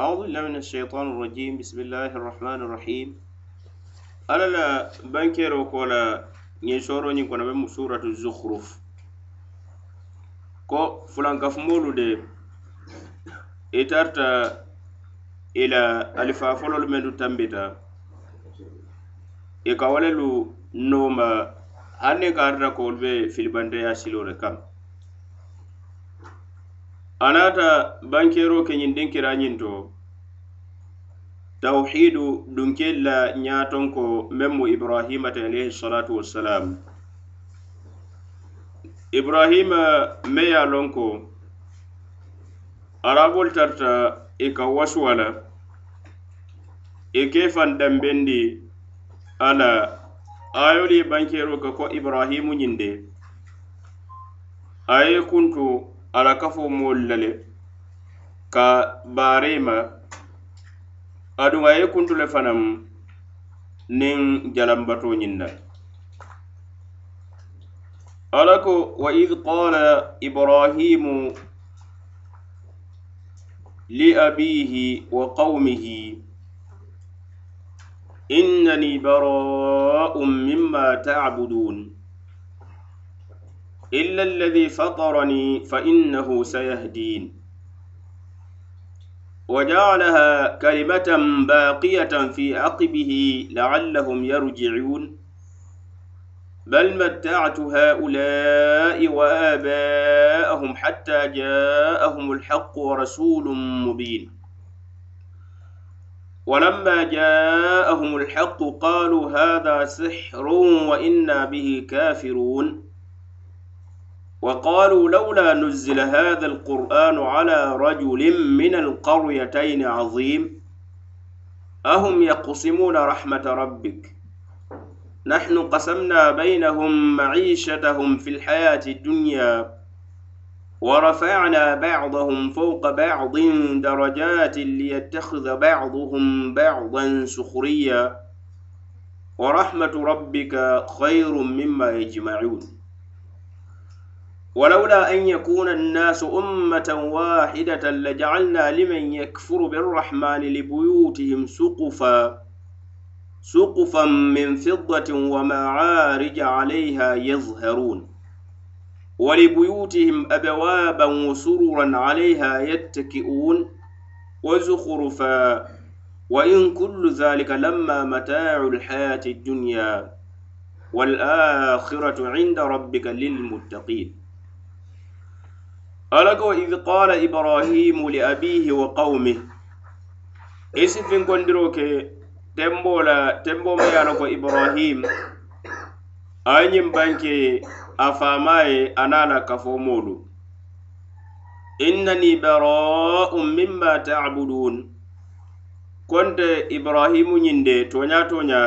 أعوذ بالله من الشيطان الرجيم بسم الله الرحمن الرحيم ألا لا بانكير وكولا نيشوروني كنا بمو سورة الزخرف كو فلان كفمولو دي إتارتا إلى ألفا فلول من تنبتا إكاوللو نوما هل نيكارنا كولبي في البندية سيلوري كامت anata bankero keñin din kirañin to tawhidu dunkella ñaton ko men mu ibrahima ten alayhi salatu wassalam ibrahima me ya lon ko arabol tarta i e ka wasu e ala i ke fan dambendi ala ayoli bankero ka ko ibrahimu ñinde aye kuntu ala kafo moolu la le ka baaree ma aduŋ a ye kuntu le fanaŋ niŋ ñiŋ na ala ko wa id qala ibrahimu li abihi wa qawmihi innani bara'un mimma ta'budun ta إلا الذي فطرني فإنه سيهدين وجعلها كلمة باقية في عقبه لعلهم يرجعون بل متعت هؤلاء وآباءهم حتى جاءهم الحق ورسول مبين ولما جاءهم الحق قالوا هذا سحر وإنا به كافرون وقالوا لولا نزل هذا القرآن على رجل من القريتين عظيم أهم يقسمون رحمة ربك نحن قسمنا بينهم معيشتهم في الحياة الدنيا ورفعنا بعضهم فوق بعض درجات ليتخذ بعضهم بعضا سخريا ورحمة ربك خير مما يجمعون ولولا أن يكون الناس أمة واحدة لجعلنا لمن يكفر بالرحمن لبيوتهم سقفا سقفا من فضة ومعارج عليها يظهرون ولبيوتهم أبوابا وسررا عليها يتكئون وزخرفا وإن كل ذلك لما متاع الحياة الدنيا والآخرة عند ربك للمتقين alako ih qala ibrahimu li abihi wa qaumi isi e finkondiro ke tembola tembomo yaloko ibrahim a ñiŋ banke a famaye anala kafomolu innani bara'un mimma ta'budun konte ibrahimu ñinde toña toña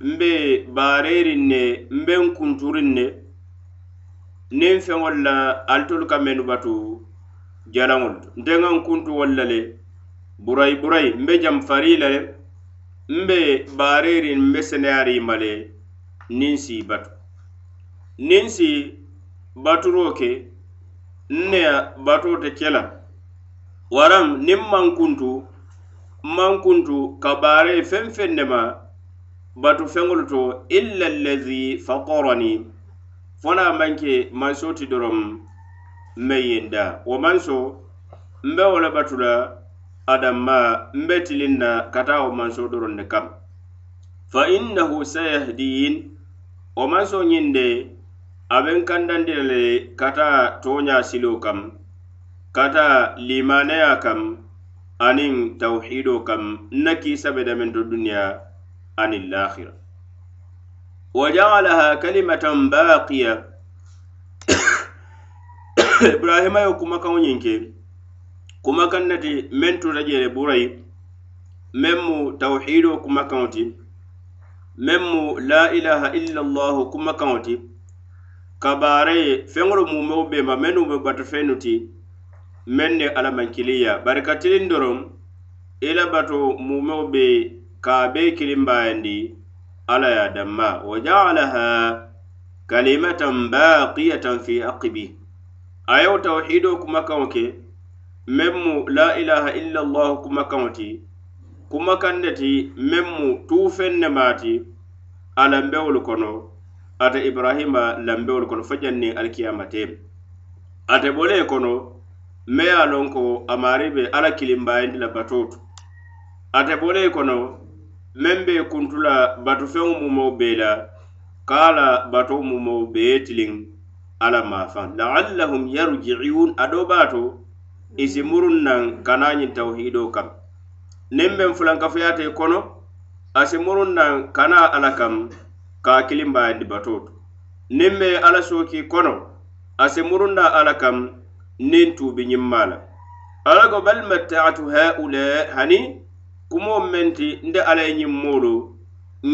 mbe barerin ne mbe kunturin ne niŋ feŋol la ali tolu ka mennu batu jalaŋol to nte ŋaŋ kuntu wol la le burayi burayi mbe jam farii la le mbe baariiri mbe seneyaarii ma le niŋ sii batu niŋ si baturoo ke nne batoo te ke la waraŋ niŋ maŋ kuntu maŋ kuntu ka baaree feŋ feŋ ne ma batu feŋolu to illa allazi faqorani fola manke manso ti dorom meyinda wo manso mbe wo le batula adamma mbe tilinna kata wo manso doron ne kam fa innahu sayahdin wo manso ñinde aben kandandira le kata toña silo kam kata limaneya kam aniŋ tawhido kam nna kiisabe damento duniya aniŋ lahira wajaalaha kalimatan baaqiya ibrahima yo kumakaŋo ñiŋ ke kumakaŋ nati meŋ tuta jele burayi meŋ mu tawhido kumakaŋo ti meŋ mu la ilaha illallahu kumakaŋo ti kabare feŋolu mumeo be ma mennu be bato fennu ti meŋ ne alamankiliya bari ka tilin doroŋ ila bato mumeo be ka be kilimbayandi ala ya damma wa ja'alaha kalimatan baqiyatan fi aqbi ayaw tawhido kuma kawke memmu la ilaha illa allah kuma kawti kuma kandati memmu tufenne mati ala mbewul kono ata ibrahima lambewul kono fajanni alkiyamate ate bole kono me ya lonko amaribe ala kilimbayindi la batotu ate bole kono meŋ be kuntu la batufeŋo mumaw bee la ka a la bato mumaw be ye tiliŋ ala maafaŋ laallahum yarujiun ado baato isi muruŋ naŋ kana ñiŋ tawhiido kam niŋ meŋ fulankafuyaate kono asi muruŋ naŋ kana ala kam ka a kiliŋ baayandi bato to niŋ be ala sookii kono asi muruŋ na ala kam niŋ tuubi ñiŋ maa la ala go bal mattaatu haulaa hani kumo menti nde ala ye ñiŋ moolu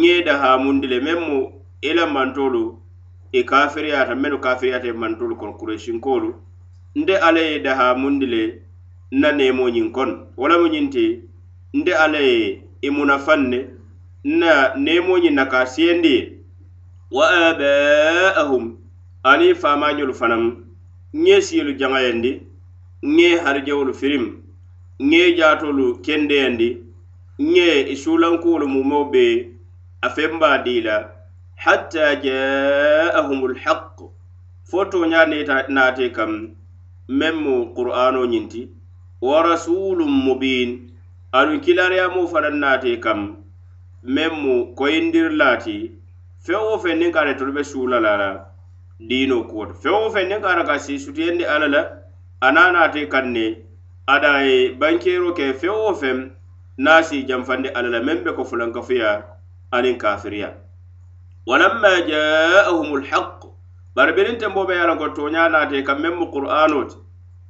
ŋeda hamundi le meŋ mu i la mantoolu i e kafiriyata mennu kafiriyata i e mantoolu kono kuresinkoolu nde ala ye daha mundi le nna neemo ñiŋ kono wo lemu ñiŋ ti nde ala ye i munafaŋ ne nna neemo ñiŋ naka siyendi ye wa abaahum ani faamañolu fanaŋ ŋe siyolu jaŋayandi ŋe harijewolu firim ŋe jaatoolu kendeyandi nye isulankuolu e mumoo be afenbaa dii la hatta jaahum lhaq fo toña naate kam meŋ mu qur'ano ñinti wa rasulun mubin aduŋ kilariyamo fanaŋ naate kam meŋ mu koyindiri laati feŋ wo feŋ niŋ ka ate tolu be suula la la diino kuwoto feŋ wo feŋ niŋ ka ata ka si sutiyendi alla la a naa naate kaŋ ne ada ye bankeero ke feŋ wo feŋ nasi jamfande alala membe ko fulankafuya anin kafiriya walamma jaahum lhaq bari birin tembo be yalan ko toña nate kam men mu qur'anoti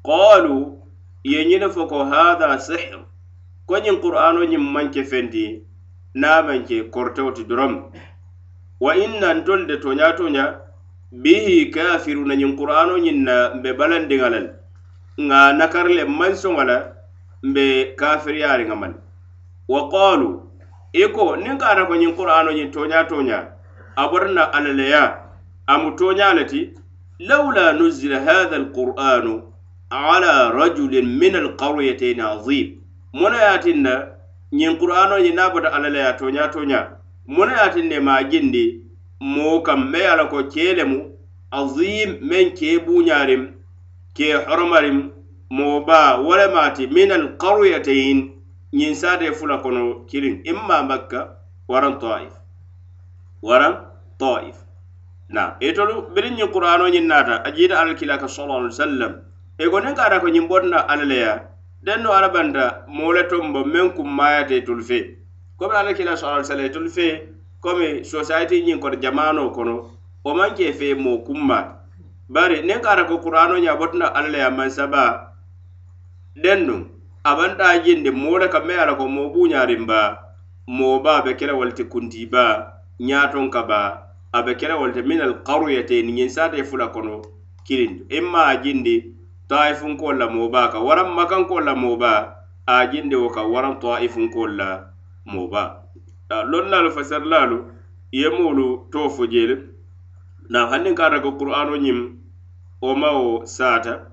qalu ye ñine fo ko hatha sihr ko ñin qur'ano ñin manke fendi namanke kortewti durom wa inna ntol de toña toña bihi kafiruna ñin qur'ano ñinna mbe balandiŋalal nga nakarle mansoŋala mbe kafiriyariŋa mani wa qalu iko nin ka ata ko ñiŋ qur'ano ñiŋ tonya tonya a alalaya, alla le ya amu toña le laula nuzila hadha alqur'anu ala rajulin min alqaryatayn azim mona yatin na qur'ano ñiŋ na alalaya tonya tonya ya mona ne ma jindi mo kam me ala ko kee lemu azim men ke bunyarim ke horomarim mo ba wala mati min alqaryatayn ñiŋ saatee fula kono kiliŋ i maamakka waraŋ toif waraŋ toif naa itolu e biriŋ ñiŋ kuraano ñiŋ naata a jiita alkila ka sala alai sallam i e ko niŋ kaata ko ñiŋ botna ala le ya denno ala banta moo le tombo meŋ kummaayata itolu fee komi alkila sala ali sallam itolu e fee komi sosiyete ñiŋ kono jamaanoo kono wo maŋ kee fee moo kumma bari niŋ kaata ko kuraano ñaa botna ala le ya mansaba denduŋ aban da jinde moda ka me ala ko mo bunyarin ba mo ba be kere walti kunti ba nyaton ka ba abe kere walti min al qaryati ni nyin sate fula kono kirin imma jinde taifun ko la mo ba ka waran makan ko la mo ba a jinde wo ka waran taifun ko la mo ba da lon la fasar la lu yemulu to fujel na hannin ka daga qur'ano nyim o mawo sata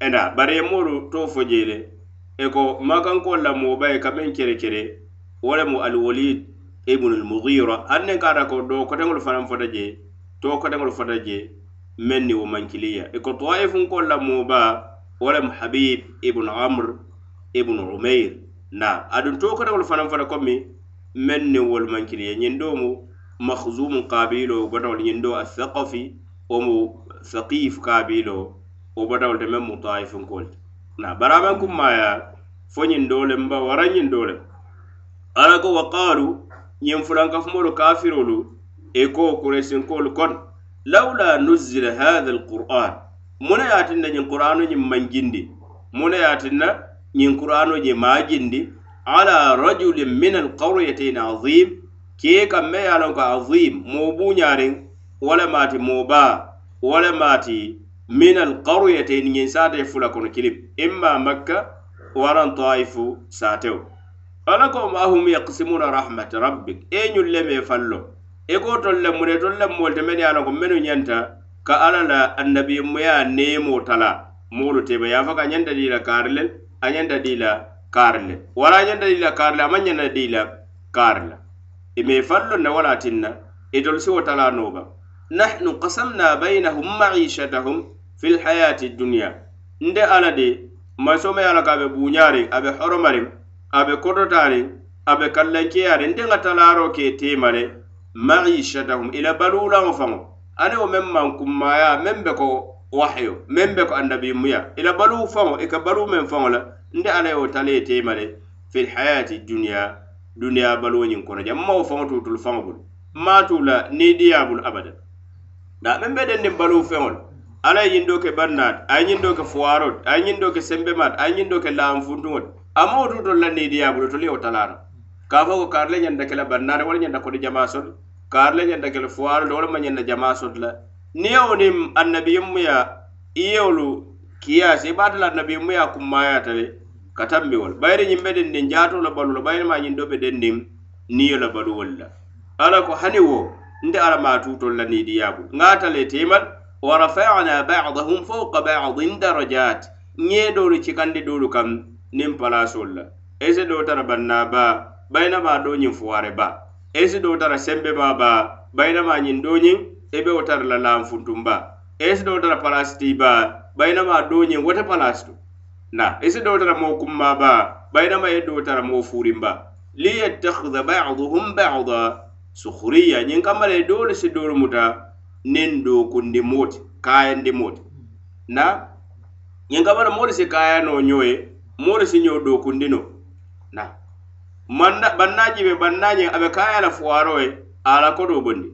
ena bare yemulu to fujele eko makanko la mobay kamen kere kere walamu alwalid ibnu almughira anne kara ko do ko dengol fanam fota je to ko dengol fota je menni wo mankiliya eko toifun ko la moba wala mu habib ibnu amr ibnu umair na adun to ko dengol fanam fota komi menni wol mankiliya nyindo mu makhzum qabilo bodo nyindo athaqafi o mu thaqif qabilo o bodo de mem mu toifun ko na baraben kuma ya fonyin dole ba waran yin dole alako wa qalu yin fulan kafmolu kafirulu e ko kuresin kol kon laula nuzila hadha alquran muna yatinna yin qur'anu yin manjindi muna yatinna yin qur'anu je majindi ala rajulin min alqaryatin azim ke kan me yalon ka azim mo bunyarin wala mati mo ba wala mati min alkaryati ñiŋ saatee fula kono kilim imma makka waran taifu saatew ala ko ahum yaksimuna rahmat rabbik e ñun leme fallo i e ko tol le mune tol le moolu te men ye a lonko menu ñanta ka alla la annabiyimuya neemo tala moolu teba ye a faka ñanta di la kaari le a ñanta di la kaari le wala a ñanta di la kaari le a maŋ ñanta di la kaari la e ime fallo ne wala tinna itol e siwo tala nooba nahnu kasamna bainahum maicatahum fil hayati duniya nde ala de masome ala ka be buñari abe horomari abe kototari abe kallankeyari nde ga talaro ke temare maishatahum ila balulao fango ani o men man kummaya men be ko wahyo men be ko annabi muya ila balu fango e ka balu men fango la nde ala yo tale temare fil hayati duniya duniya baloñin kono jam mawo fango tutul fango bul matula ni diyabul abada da men be den ni balu fengol ala ye ñindo ke barnaat a ye ñindo ke fuwaarot a ye ñindo ke sembemaat a ye ñindo ke laanfuntuŋot amaw tu to la niidiyaabulo tolu ye wo talaano ka fo ko kaari le ñanda kela barnaare wala ñanda kodi jamaa sotu kaari le ñanda kela fuwaaro le wala ma ñanda jamaa sotu la niyewo niŋ annabiyin mu ye i yewolu kiyaasi i e baata la annabiyin mu ye kummayaata le ka tambi wol bayiri ñiŋ be dendiŋ jaatoo la balu lo bayiri maa ñiŋ do be dendiŋ niyo la baluwolu la ala ko hani wo nte ala maa tuutol la niidiyaabulu ŋa ata le teemal ورفعنا بعضهم فوق بعض درجات نيدول تشكان دول كم نيم بلاسول ايز دوتر بنابا بينما دوني فواربا ايز دوتر سمبابا بينما نيندوني ebe wotara la lam funtumba es do dara palasti ba bayna ma do nyi wota palastu na es do dara mo kumma ba bayna ma e do dara mo furimba li yattakhadha ba'dhum ba'dha sukhriya nyi kamale do le se do muta nin doku ndi moti kaya ndi moti na yin gabar mori si kaya no nyoye mori si nyo doku ndi no na manna banna jibe banna nyin abe kaya la fuwaroye ala kodo bondi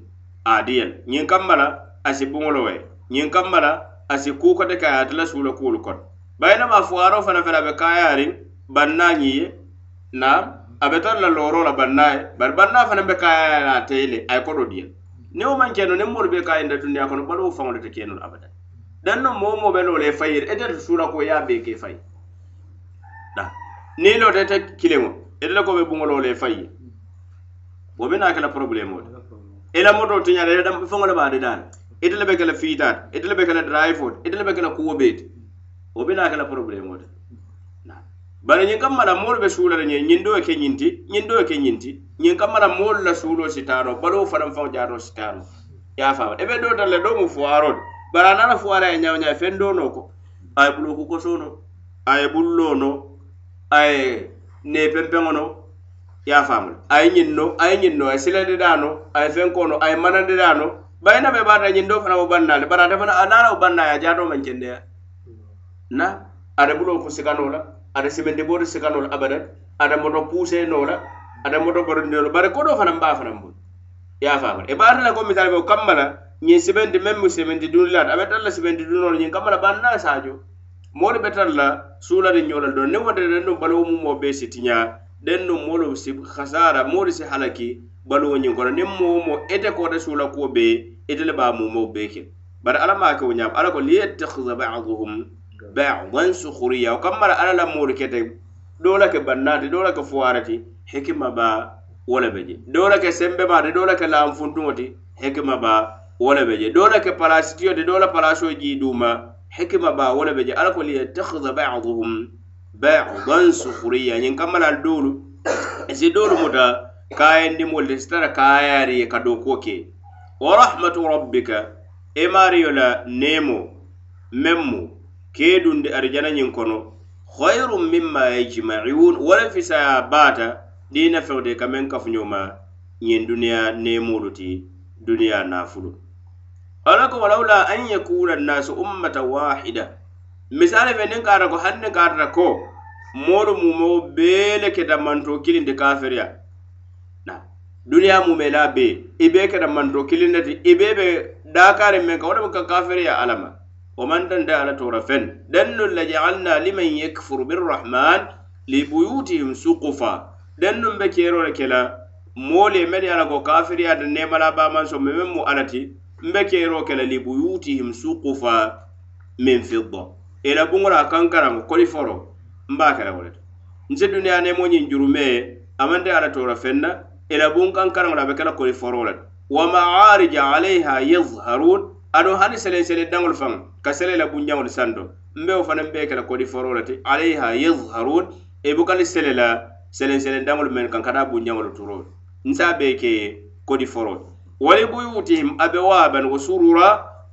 adiyan yin kammala asi bungolo we yin kammala asi kuka de kaya atila sula kulu kon bayna ma fuwaro fana fana abe kaya rin banna nyiye na abe tan la loro la banna bar banna fana be kaya la tele ay kodo diyan ne wo man keno ne moolu be ka yinda dunniya kono baluwo faŋole te keno abada dan no moo moo be loo le fayir ete to suura ko ye a be ke fayi da ni lo te te kilimo ete ko be bungolo le fayi wo be na kala problème o ela e moto tinya de dam faŋole baade dan ete le be kala fiitaat ete le be kala drive ete e le be kala kuwo beet wo be na kala problème o bari ñiŋ kamma la moolu be suula le ñe ñiŋdoo e ke ñinti ñiŋdoo e ke ñinti ñiŋ kamma la moolu la suuloo sitaano baloo fanaŋ faŋo jaaroo sitaano ye a faama e be doo tan le doo mu fuwaaroo de bari a nara fuwaara ye ñaw ñaye feŋ doo noo ko a ye buloku kosoo no a ye bulloo no a ye nee pempeŋo no ye a faamu le a ye ñiŋ no a ye ñiŋ no a ye sila dedaa no a ye fenkoo no a ye mana dedaa no bayi na be baata ñiŋ doo fanaŋ wo bannaa le bari ate fanaŋ a naara wo bannaa ye a jaatoo maŋ kendeya na ate buloo ku sikanoo la ada semende bodo sikanol abada ada moto puse nola ada moto borondi nola bare kodo fanan ba fanan bu ya fa ba e barna ko misal be kambala nyi semende memmu semende dunla abe tala semende dunol nyi kambala banna sajo moni betalla sula de nyola do ne wonde den dum balu mum mo be sitinya den dum molo si khasara modi si halaki balu woni ngol nem mo mo ete ko de sula ko be edele ba mum mo be ke bare alama ko nyam ala ko liyat takhza ba'dhum bawan sukuriya o kammara ala la moolu kete dola ke bannati dola ke fuwarati hikima ba wole be je dola ke sembe ma de dola ke lanfuntuŋo ti hikima ba wole be je dola ke palasitiyo ti dola palasio ji duma hikima ba wole be je ala ko liyattakhida baduhum bawan sukuriya ñiŋ kammara al dolu si dolu muta kayandi moolu te si tara kayari ye ka doko ke wa rahmatu rabbika imariyo e la nemo memmo keedunde arijananin kono hoyru mimma yejmauun wala fisaya baata ɗina fewde kamen kafuñoma ñin duniya nemolu ti duniya nafulu ala ko walawla an yakuna nnasu ummata wahida misali fe nin kaata ko hannin kaatata ko moolu mumo beele keta manto kilinde kafirya na duniya mume la bee ibe keta manto kilinde ti ibe be dakarin men ka wala mu ka kafirya alama ومن دن دالة رفن دن لجعلنا لمن يكفر بالرحمن لبيوتهم سقفا دن بكيرو لكلا مولي مدي على كو كافر يا دن نيمالا بامان سو ممن مؤلتي بكيرو كلا لبيوتهم سقفا من فضة إلى بمرا كنكرا كولي فورو مباكرا ولد نسي دنيا نيمو نجرو مي أمن دالة رفن إلى بمرا كنكرا مرا بكلا كولي فورو ولد ومعارج عليها يظهرون ado hani sele sele dangol fan ka sele la bunjangol sando mbeo fana mbe kala kodi farola te alayha yadhharun e bukali sele la sele sele dangol men kan kada bunjangol turo nsa be ke kodi foro wali buyutihim abe waban wa surura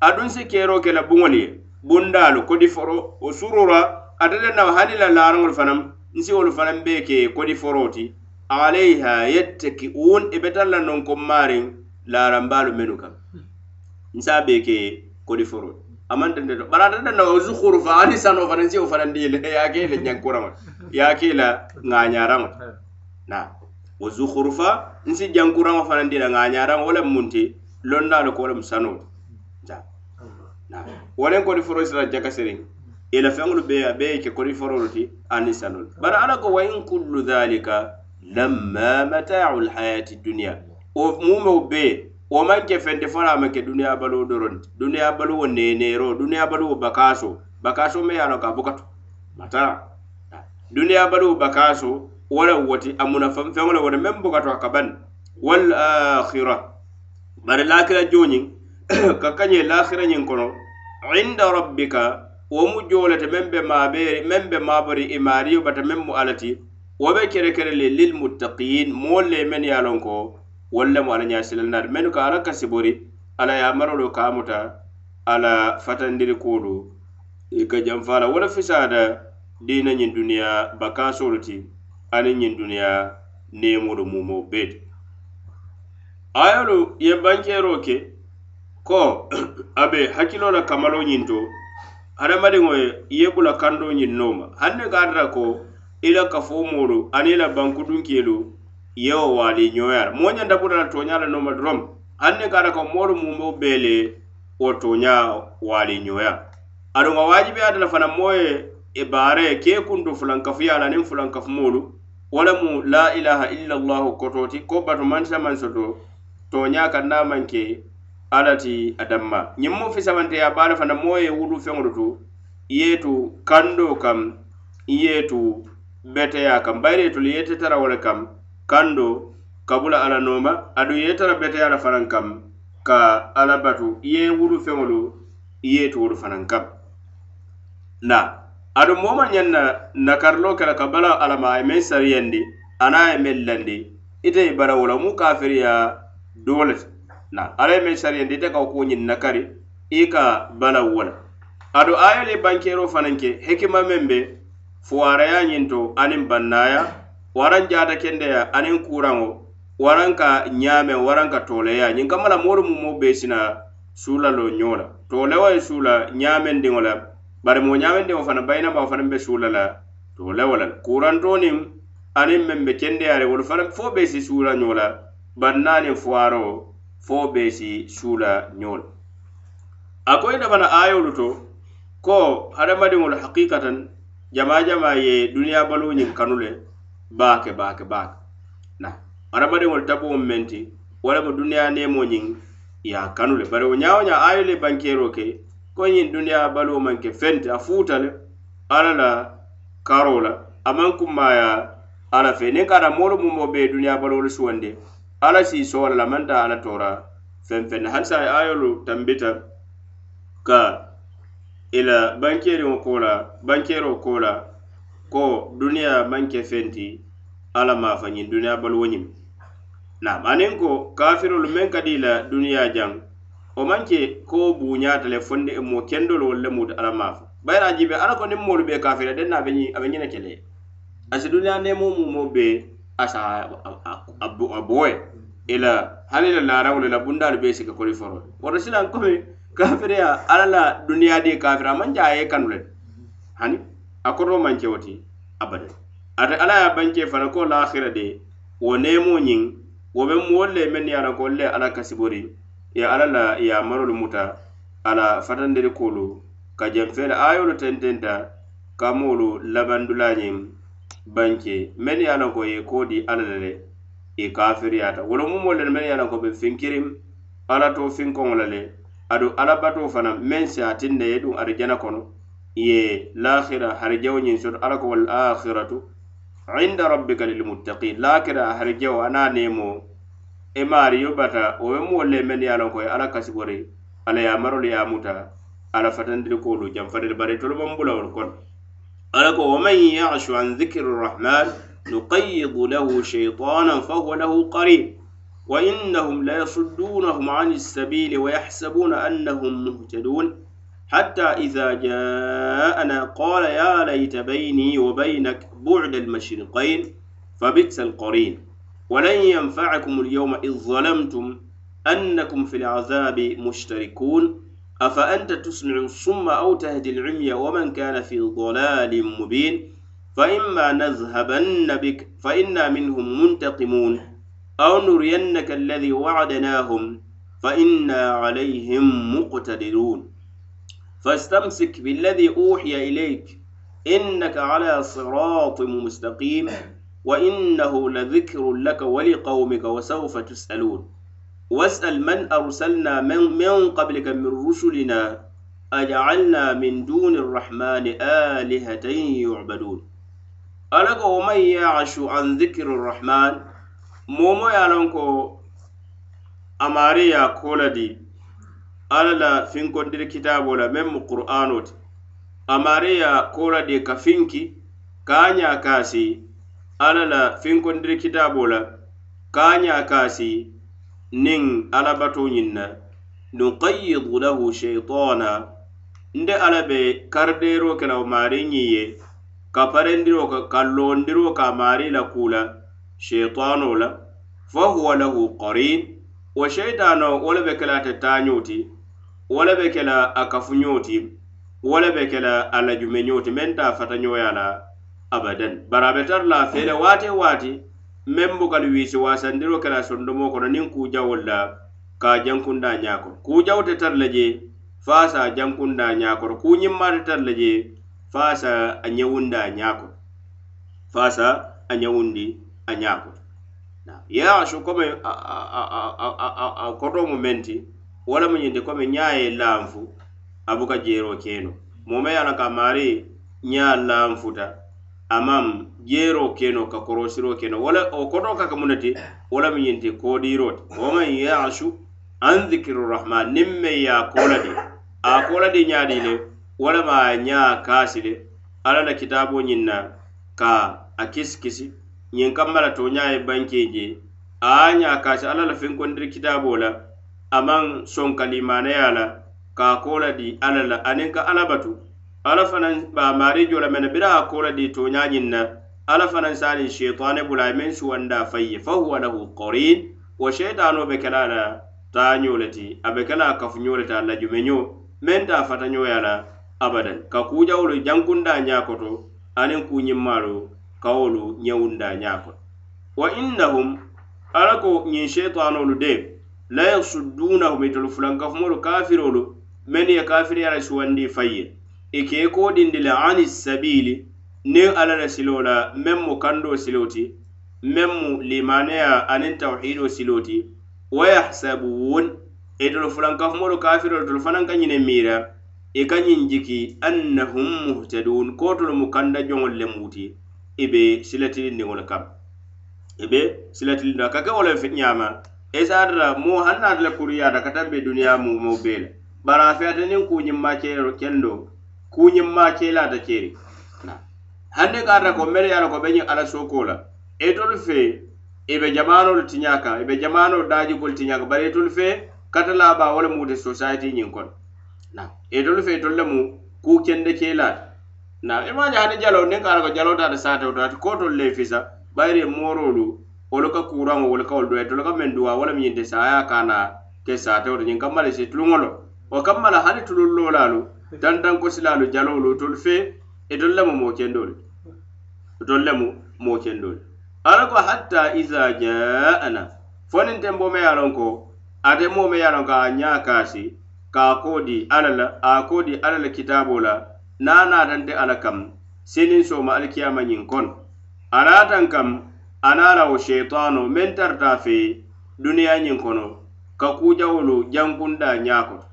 adun se kero ke la bungoli bundal kodi foro wa surura adala na hani la larangol fanam nsi wol fanam be ke kodi foroti alayha yattakiun e betalla non ko marin larambalu menukan nsa be ke kodi foro aman dande do bara dande no zukhuru fa ani sano fa nsi o fa nande le ya ke le nyankura ma ya ke la nga nyara ma na o zukhuru fa nsi nyankura ma fa nande la nga nyara ma wala munti londa le ko le msano ja na wala ko di foro sira jaka sere ila fanglu be be ke kodi foro ti ani sano bara ala ko wa in kullu dhalika lamma mata'ul hayati dunya o mumo be wo man ke fende farama ke duniya balu doron duniya balu wo nenero duniya balu wo bakaso bakaso me yano ka bukatu mata duniya balu wo bakaso wala woti amuna fam fam wala wala mem bukatu akaban wal akhirah bar lakira joni ka kanye lakira nyin kono inda rabbika wo mu jolata mem be maberi mem be mabari imari bata mem mu alati wo be kere kere le lil muttaqin mo le men yalon ko wolle mo ala ñasila naati menu ka ala kasibori ala yamarolo kamuta ala fatandiri kuolu e ka janfala wala fisada dina ñin duniya bakasolu ti ani ñin duniya nemolu mumo beti ayolu ye bankero ke ko abe hakkilo la kamalo ñin to hadamadiŋo e, ye ye bula kando ñin noma hanne ka adata ko ila kafo molu ani la bankudunkelu yewo wali ñoyar moña dabudala toñala noma durom hanne kara ko moolu mumbo bele wo toña wali ñoya aɗoŋa wajibe adala fana moye e bare ke kundu fulankafuyala aniŋ fulankafu moolu wala mu la ilaha illallahu kototi ko bato mantamaŋ soto toña kanna maŋ ke alati adamma ñiŋ mu fisamanteya bare fana moye wulu feŋolu tu yetu kando kam yetu beteya kam bayre tulu yetetara wole kam kando kabula ala noma adu yetara bete ala fanan kam ka ala batu ye wulu fengolu ye tuwulu fanan kam na adu moma nyanna nakarlo kala kabala ala ma ay men sariyandi ana ay men landi ite bara wala mu kafir ya dole na ala men sariyandi te ka ko nyin nakari ika bala wala adu ayale bankero fananke hekima membe fuwaraya nyinto anin bannaya waran jata kendeya anin kuraŋo waran ka ñame waran ka toleya ñiŋ kamala moolu mu mo besina sula lo ñoo la tolewo ye sula ñamendiŋo la bari moo ñamendiŋo fana bayinamao fanaŋ be sula la tolewo la kurantoniŋ aniŋ meŋ be kendeyaari wolu fana fo besi sula ñoo la bari naaniŋ fuwaro fo besi sula ñoo la a ko ite fana ayolu to ko hadamadiŋolu hakikatan jama jama ye duniya baluu ñiŋ kanu le baake baake baake na adamadiŋo le tabuwo meŋ ti wo le mu duniyaa neemoo ñiŋ ye a kanu le bari wo ñaawo ñaa ayo le bankeeroo ke ko ñiŋ duniyaa baluwo maŋ ke feŋ ti a fuuta le alla la karoo la a maŋ kunmaaya alla fe niŋ ka ata moolu mumoo be duniyaa baluwo le suwandi alla sii soola la maŋ taa alla toora feŋ feŋ na halisa a ye ayolu tambita ka ila bankeeriŋo koo la bankeeroo koo la ko duniya manke fenti ala ma fañin duniya baluwoñim nam anin ko kafirolu men kadi la duniya jaŋ o manke ko buñata le fonde mo kendolu wolle mudu ala mafa bayra jibe ala ko nin molu be kafira denna beñi aɓe ñina kele asi duniya nemo mumo be asa a boye ila halila larawle la bundalu be sika koli foro woto silan komi kafireya ala la duniya di kafira manja a ye kanule hani a koto mankewo ti abada ate ala ye banke fana ko lahira de wo nemo ñiŋ wo be moolu le meŋ yaara ko le ala kasibori ye ala la ye marolu muta ala fatandiri kolu ka jenfeele ayolu tententa ka moolu labandula ñiŋ banke meŋ ye ko ye ko di ala le le ì e kafiriyata wolo mu moolu le meŋ ye ko be finkirim ala to finkoŋo la le adu alabato fana meŋ se atinne ye duŋ arijana kono ye lakhira har jaw soto sur ko wal akhiratu inda rabbika lil lilmuttaqin lakira har jaw ana nemo e mari yobata o wo be le men ye a ala kasibori ala ya marul ya muta ala fatandiri koolu janfadiri bari tolu maŋ bula wolu kon ala ko waman yashu an dhikri rahman nuqayidu lahu shaytanan fahuwa lahu qarin وإنهم innahum la yasuddunahum ani sabili wa yahsabuna حتى إذا جاءنا قال يا ليت بيني وبينك بعد المشرقين فبئس القرين ولن ينفعكم اليوم إذ ظلمتم أنكم في العذاب مشتركون أفأنت تسمع الصم أو تهدي العمي ومن كان في ضلال مبين فإما نذهبن بك فإنا منهم منتقمون أو نرينك الذي وعدناهم فإنا عليهم مقتدرون فاستمسك بالذي أوحي إليك إنك على صراط مستقيم وإنه لذكر لك ولقومك وسوف تسألون واسأل من أرسلنا من, من قبلك من رسلنا أجعلنا من دون الرحمن آلهة يعبدون ألك ومن يعش عن ذكر الرحمن مومو يالنكو أماريا كولدي alla la finkondiri kitaabo la meŋ mu qur'ano ti amariya kola di ka finki kaaña kaasi alla la finkondiri kitaabo la kaaña kaasi niŋ alabato ñiŋ na nuqayidu lahu sheitana nde alla be karideero ke la wo maari ñiŋ ye ka parendiro ka ka londiro ka maari la kula sheitano la fa huwa lahu qarin wo sheitano wo le be kelaate taaño ti wala be kela a kafuñoo ti wala be kela a lajumeñoo ti meŋ ta fatañooya la abadan bari a be tara la feele waate waati meŋ bukalu wiisi waasandiro kela sondomoo kono niŋ kuu jawol la ka jankunda ñaakoro kuu jaw te tara la je fo a sa jankunda ñaakoro kuu ñimmaa te tara la je fo a sa a ñewunda ñaakoro fo a sa a ñewundi a ñaakoro ye a su komi a koto mu meŋ ti wo lemu ñiŋ komi ñaa ye lanfu a buka jeeroo keno no me ye a loŋ ko a maari ñaa laanfuta a maŋ jeeroo ke ka korosiroo keno no wo le wo kotoo ka ke muŋ ne ti wo lemu ñiŋ ti koodiiroo ti wo yasu an zikiri rahman niŋ meŋ ye a koola di a koola di ñaadii le wo lemu a ñaa kaasi le alla la kitaaboo ñiŋ na ka a kisi kisi ñiŋ kamma la to ñaa ye bankee je a ye a ñaa kaasi alla la fenkondiri kitaaboo la amaŋ sonkalimaanaya la ka a koo la di alla la aniŋ ka alla batu alla fanaŋ be a maarijo la mene bira a koo la di tooñaañiŋ na alla fanaŋ se aniŋ sheitaane bula ye meŋ suwanda a faŋ ye fa huwa lahu qorin wo sheitaanoo be ke la a la taaño le ti a be ke la a kafuñoo le ti a lajumeño meŋ te a fatañooya la abadan ka kuujawolu jankunda ña koto aniŋ kuuñimmaalu ka wolu ñewunda ña koto wa innahum alla ko ñiŋ sheitaanoolu dee la yasudunahu ɓe tolu fulankafumolu kafirolu men ye kafiriyala suwandi faye i e ke kodindi le ani sabili ni ala la silo la men mu kando siloti men mu limaneya anin tawhido siloti wayahsabun i e tolu fulankafumolu kafirolu tolu fananka ñine mira i e ka ñin jiki annahum muhtadun ko tolu mu kanda joŋol le muti i be silatilindiŋol kam i be silatilindiŋol ka ke wo le ñama esaadara moo hal naata la kuruyaata ka tan be duniyaa mumoo bee le bari a feyata niŋ kuuñimmaa ceero kendo kuuñimmaa ceelaata ceeri hande ka ata ko mere ye a la ko be ñiŋ ala sookoo la etolu fee i be jamaanoolu tiñaa kaŋ i be jamaanoolu daajikolu tiñaa kaŋ bari etolu fee kata laabaa wo le muuta society ñiŋ kono etolu fee tolu le mu kuu kende ceelaata naa imaaje hani jaloo niŋ ka ata ko jaloo taata saatewo to ati kootolu le fisa bayiri moorolu wolu ka kuraŋo wolu kawolu doya tolu ka meŋ duwa wolem ñiŋ tesa a ye a kana ke saatewoto ñiŋ kamma le si tuluŋo lo wo kamma la hali tulun loolaalu tantaŋ kosilaalu jalowolu tolu fee itolu lemu moo kendoolu itolu e lemu moo kendoolu ala ko hatta isa jaana fo niŋ ten bo me ye a loŋ ko ate moo me ye a loŋ ko a ñaa kaasi ka a koodi ala la a koodi ala la kitaaboo la niŋ a naatante ala kam sinin sooma alikiyama ñiŋ kono a naatan kam anaalawo sheitaano meŋ tarata fe duniya ñiŋ kono ka kuujawolu jankunda ñaakoto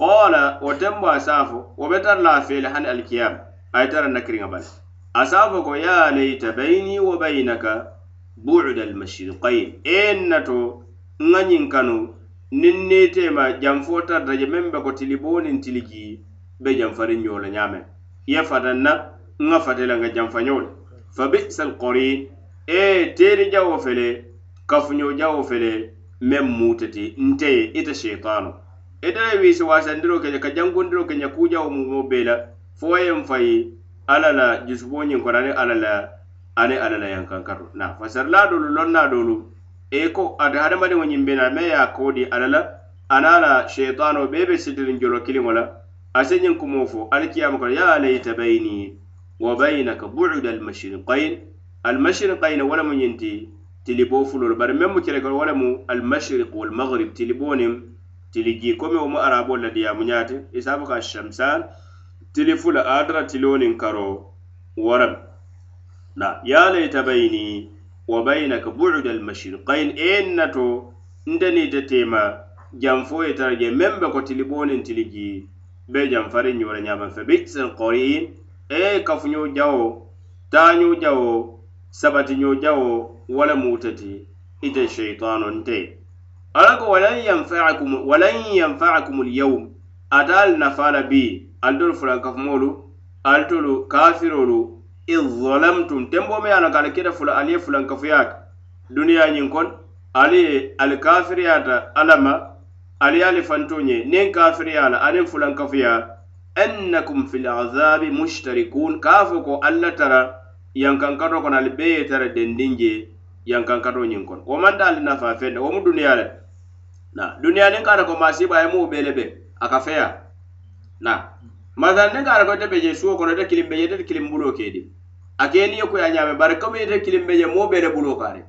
qoola wo tembo a saafo wo be tara la feele hani alikiyama a ye tara nakiriŋa bala a saafo ko ya layita bayni wo baynaka buuda almashriqain en nato nŋa ñiŋ kanu niŋ niitema janfo tarta je meŋ be ko tiliboo niŋ tiliki be janfariŋ ñoo la ñaameŋ ye fatanna nŋa fatela nŋa janfa ñoo le fa bisa alqorin e teeri jawo fele kafuño jawo fele men muteti nte ita sheitanu ita e la wiisi wasandiro keña ka jangundiro keña kujawo mumo bee la foyen fayi ala la jusuboñin korani ala la ani ala la yankankatu na fasarla dolu lonna dolu e ko ata hadamadiŋo ñiŋ bena me ye a koodi ala la ana la sheitano bee be sitirin jolo kiliŋo la ase ñiŋ kumo fo alikiyama kono ya layita baini wa bainaka buuda almashriqain almashriq ayina wolemu ñinti tiliboo fulolu bari meŋ mu kereke wolemu almashriq walmaghrib tiliboo niŋ tili jii komi womu arabolu la diyaamu ñaati isaabu ka shamsan tili fula adara tiloo niŋ karo warabi na ya layta bayni wa baynaka buda almashriqain en nato nte niita teema janfoo ye tara je meŋ be ko tiliboo niŋ tili jii be janfariŋ ñiwara ñaaban fe bisa alqarin e kafuñoo jawo taañoo jawoo sabatiɲo jawo wala mutati ite sheitano nte ala ko walan yanfa'akum alyawm ata al nafala bi al tolu furankafumolu al tolu kafirolu izzalamtum tembome ana kala kita fula ali fulankafuyak duniya ɲin kon ali al kafiriyata alama ali ali fantuɲe nin kafiriyala anin fulankafuya annakum fi lazabi mushtarikun kafo ko allah tara yankankato kono ali bee ye tara dendiŋ je yankankato ñiŋ kono wo maŋ taali nafaa feŋ ne wo mu duniya le na duniya niŋ ka ko maasiba a ye muwo bee le be a ka feya na masal niŋ ka ata ko ite be je suo kono ite kilim be je ite kilim buloo ke di a ke niŋ ye kuya ñaame bari komi ite kilim be je moo bee le buloo kaa de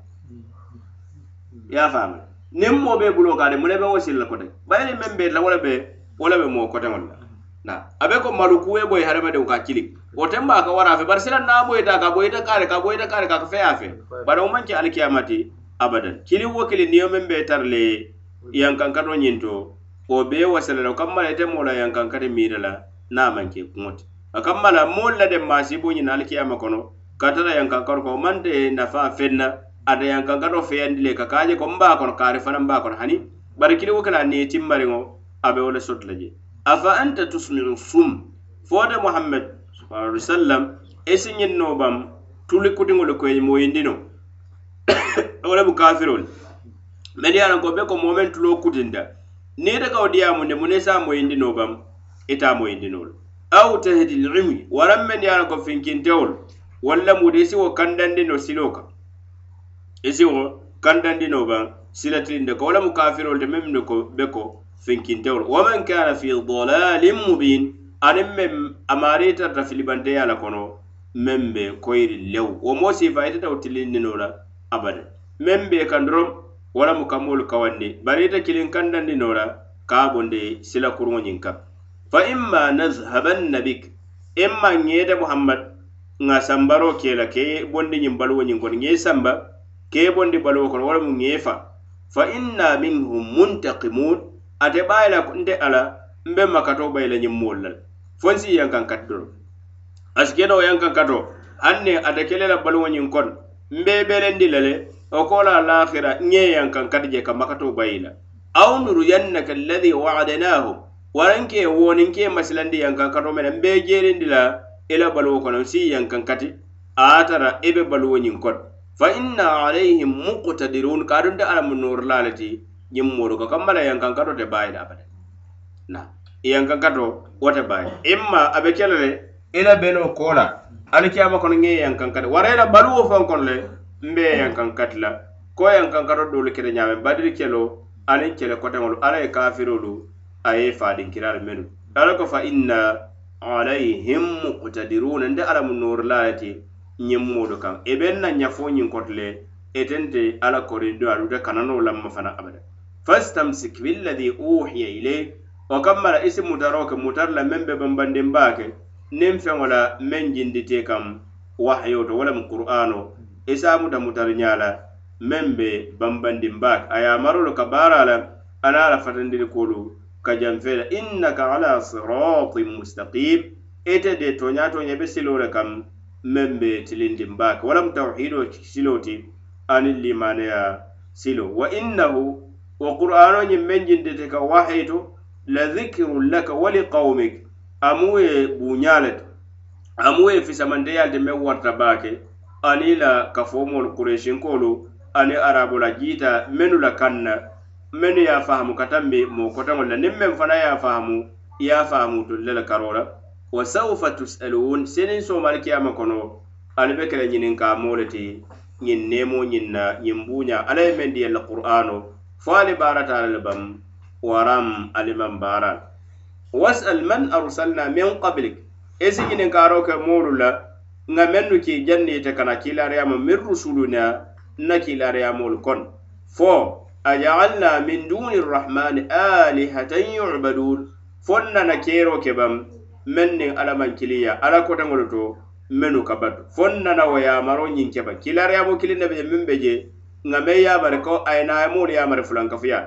ye a faamu niŋ moo bee buloo kaa de mu ne be wo sili le kote bari niŋ meŋ be la wo le be wo le be moo koteŋolu la na a be ko malu kuwee boyi hadamadiŋo ka kilim ko temba ka wara fe bar silan nabo eta ka bo eta kare ka bo eta kare ka fe afe bar o manki alkiyamati abadan kili wokili niyo membe tarle yan kankato nyinto ko be wasala no kammala temo la yan kankate mirala na manki kumoti akammala molla de masi bo nyina alkiyama kono katara yan kankaro ko mande nafa fenna ada yan kankato fe yandile ka kaje ko mba kono kare fanan mba kono hani bar kili wokala ni timmare ngo abe wala sotlaje afa anta tusmiru sum fode muhammad alayhi wa sallam esi ñinno bam tuli kutiŋolu e koy moyindino wole bu kafirol men ye lanko be ko momen tulo kutinda niita kaw diyamunde mune sa moyindino bam ita moyindinolu aw tahdi lumi waran men ye lanko finkintewol walla mude isiwo kandandino silo ka isiwo e kandandino bam silatilinde ko wole mu kafirol te memne ko be ko finkintewol waman kana fi dalalin mubin aniŋ meŋ a maari itarata filibanteya la kono meŋ be koyiri lew wo moo siifa itatawo tilinni noo la abada meŋ be kandorom wo lamu kamoolu kawandi bari ita kiliŋ kandandi noo la ka a bondi sila kuruŋo ñiŋ kaŋ fa imma nazhabanna bik imma ŋeeta muhammad ŋa sambaroo ke la ke bondi ñiŋ baluwo ñiŋ kono ŋee samba ke bondi baluwo kono wo lamu ŋee fa fa inna minhum muntakimun ate baa ye la nte ala mbe makatoo bayi la ñiŋ moolu la la fonsi yankan kato asikeno yankan kato anne ada kelela balwo nyin kon mbebele ndilale o kola lakhira nye yankan kadje ka makato bayila aw nuru yannaka alladhi wa'adnahu waranke woninke masilandi yankan kato mena mbejere ndila ila balwo kon si yankan kati atara ebe balwo nyin kon fa inna alaihim muqtadirun kadun da alam nur lalati nyimmuru ka kamala yankan kato te bayila abada na yankan kato wata bay imma abe kela le ila beno kola ala kiyama kono ngey yan kankat wara ila balu wo fon kono le mbe yan kankat la ko yan kankato do le kede nyame badri kelo ala kele kota ngol ala kafiru lu ay fa din kirar menu ala ko fa inna alaihim muqtadiruna nda ala munur laati nyimmodo kam e benna nyafo nyin kotle etente ala kori do aluta kanano lamma fana abada fastamsik billadhi uhiya ilayk o kammara isi mutaro ke mutar la men be bambandin ba ke nin fen wala men jindite kam wahyo to wala mu qur'ano isa mu da mutar nyala men be bambandin ba ke aya maro ka bara la ana la fatandiri kolu ka jamfela innaka ala siratin mustaqim ete de to nya to nyebe silore kam men be tilindin ba ke wala mu tauhido siloti anil limaniya silo wa innahu wa qur'ano nyim men jindite ka wahyo la zikiru laka wa li qawmik amu ye buñale ti amu ye fisamandeyal ti meŋ warta baake ani la kafomolu kureesinkolu ani arabu la jiita mennu la kaŋ na mennu ye a fahamu kataŋ be moo kotaŋol la niŋ meŋ fanaŋ ye a fahamu i ye a fahamu tun le la karo la wa saufa tusaluun seniŋ soomali kiyama kono ali be ke la ñininkamo le ti ñiŋ neemo ñiŋ na ñiŋ buuña ala ye meŋ diyal la qur'ano fo ali baarataala le bam waram aliman baral wasal man arsalna min qablik esi ine karo ke moru la nga mennu ki janni te kana kilariya mo mir rusuluna na kilariya mo kon fo ajalna min duni arrahman alihatan yu'badun fonna na kero ke bam menni alaman kiliya ala ko tangol to menu kabat fonna na waya maro nyin ke ba kilariya mo kilina be min beje nga me yabar ko ayna mo yabar fulan kafiya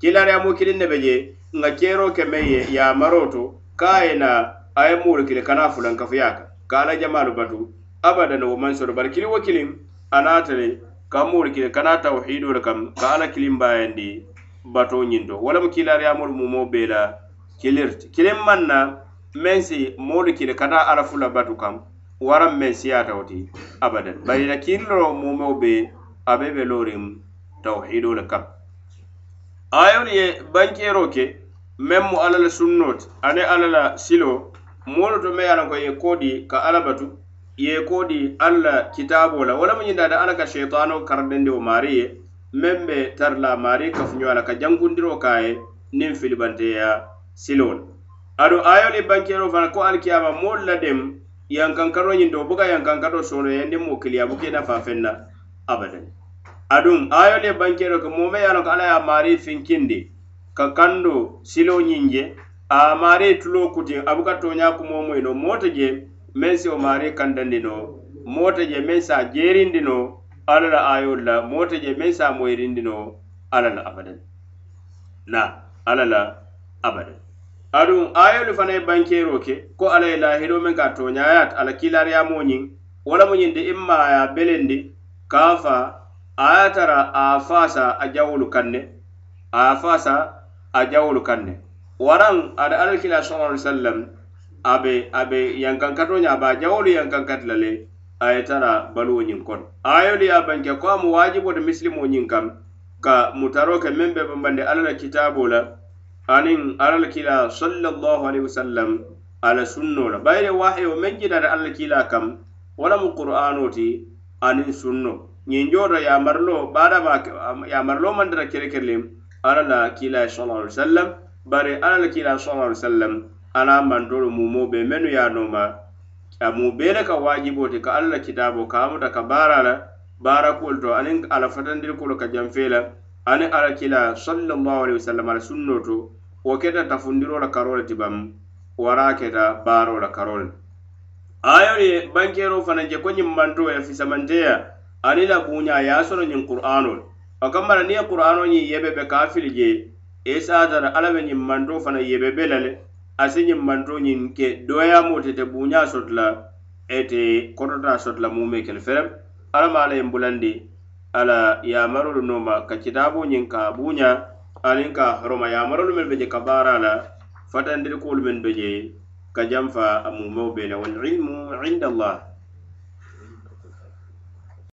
kilariyamu kili ne be je nga kero kemen ye yamaro to kaye na aye mulu kili kana fulan kafuya ka kala jamalu batu abadan wo man soro bari kili wo kili anatale ka mulu kili kana tawhidu le kam ka ala kili mbayandi bato nyindo wala mu kilariyamu mu mo bela kilirti kilim manna mensi mulu kili kana ala fula batu kam waram mensi ya tawti abadan bari na kilro mu mo be abebe lorim tawhidu le kam ayonu ye bankero ke meŋ mu alla la sunnoti aniŋ alla la silo moolu to meŋ ye ko ye koodi ka alla batu ye koodi alla la kitaabo la wo le mu ñindaata alla ka sheitano karadendiwo maari ye meŋ be tari la maari kafuñowa la ka jankundiro ka a ye niŋ filibanteya siloo la aduŋ ayolu ye bankero fana ko alikiyama moolu la dem yankankaro ñinto buka yankankaro soonoyandi mu kiliya buka i nafa feŋ na abadan aɗum ayole bankero ko mome yano ko ala ya mari finkindi ka kando silo nyinje a mari tulo kuti abuka tonya ku momo ino mota je mensi o mari kandande no mota je mensa jerindi no alala ayolla mota je mensa moyrindi no alala abadan na alala abadan aɗum ayolu fana e bankero ke ko alay e lahiɗo men ka tonyayat ala kilariya moñin wala moñin de imma ya belendi kafa ayatara a fasa a jawolu kanne a fasa a jawolu kanne waran ada alkila sallallahu alaihi wasallam abe abe yankan katonya ba jawolu yankan katlale ayatara e baluwo nyin kon ayoli abanke ko mu wajibo de muslimo nyin kam ka mutaroke membe bambande alala kitabola anin alal kila sallallahu alaihi wasallam ala sunnola bayre wahyo men jidare alal kila kam wala mu qur'anoti anin sunno ñiŋ jooto yamarloo baadama yamarloo mandira kere kerelen ala la kiilaa salaa ali sallam bari ala la kiilaa salaa ali sallam ala mantolu mumoo be mennu ye nooma mu bee le ka waajiboo ti ka alla la kitaaboo ka amuta ka baara la baara kuolu to aniŋ ala fatandiri kulu ka janfee la ani ala kiilaa salallahu alehi wa sallam ala sunnoo to wo keta tafundiroo la karoo le ti bam waraa keta baaroo la karoo le ayolu ye bankeeroo fanaŋ je ko ñiŋ mantoo ye fisamanteya anila buña ya soro ñin qur'anol a kambara niŋ ye qur'ano ñiŋ yebe be kafili je e saatara alla be ñiŋ manto fana yebe be la le asi ñiŋ manto ñiŋ ke doyamo tete buña sotula ete kotota sotula mume kele ferem allama alla yen bulandi alla yamarolu noma ka kitabo ñiŋ ka buña aniŋ ka horoma yamarolu meŋ be je ka baara la fatandirikolu meŋ be je ka janfa a mumeo be la walilmu indallah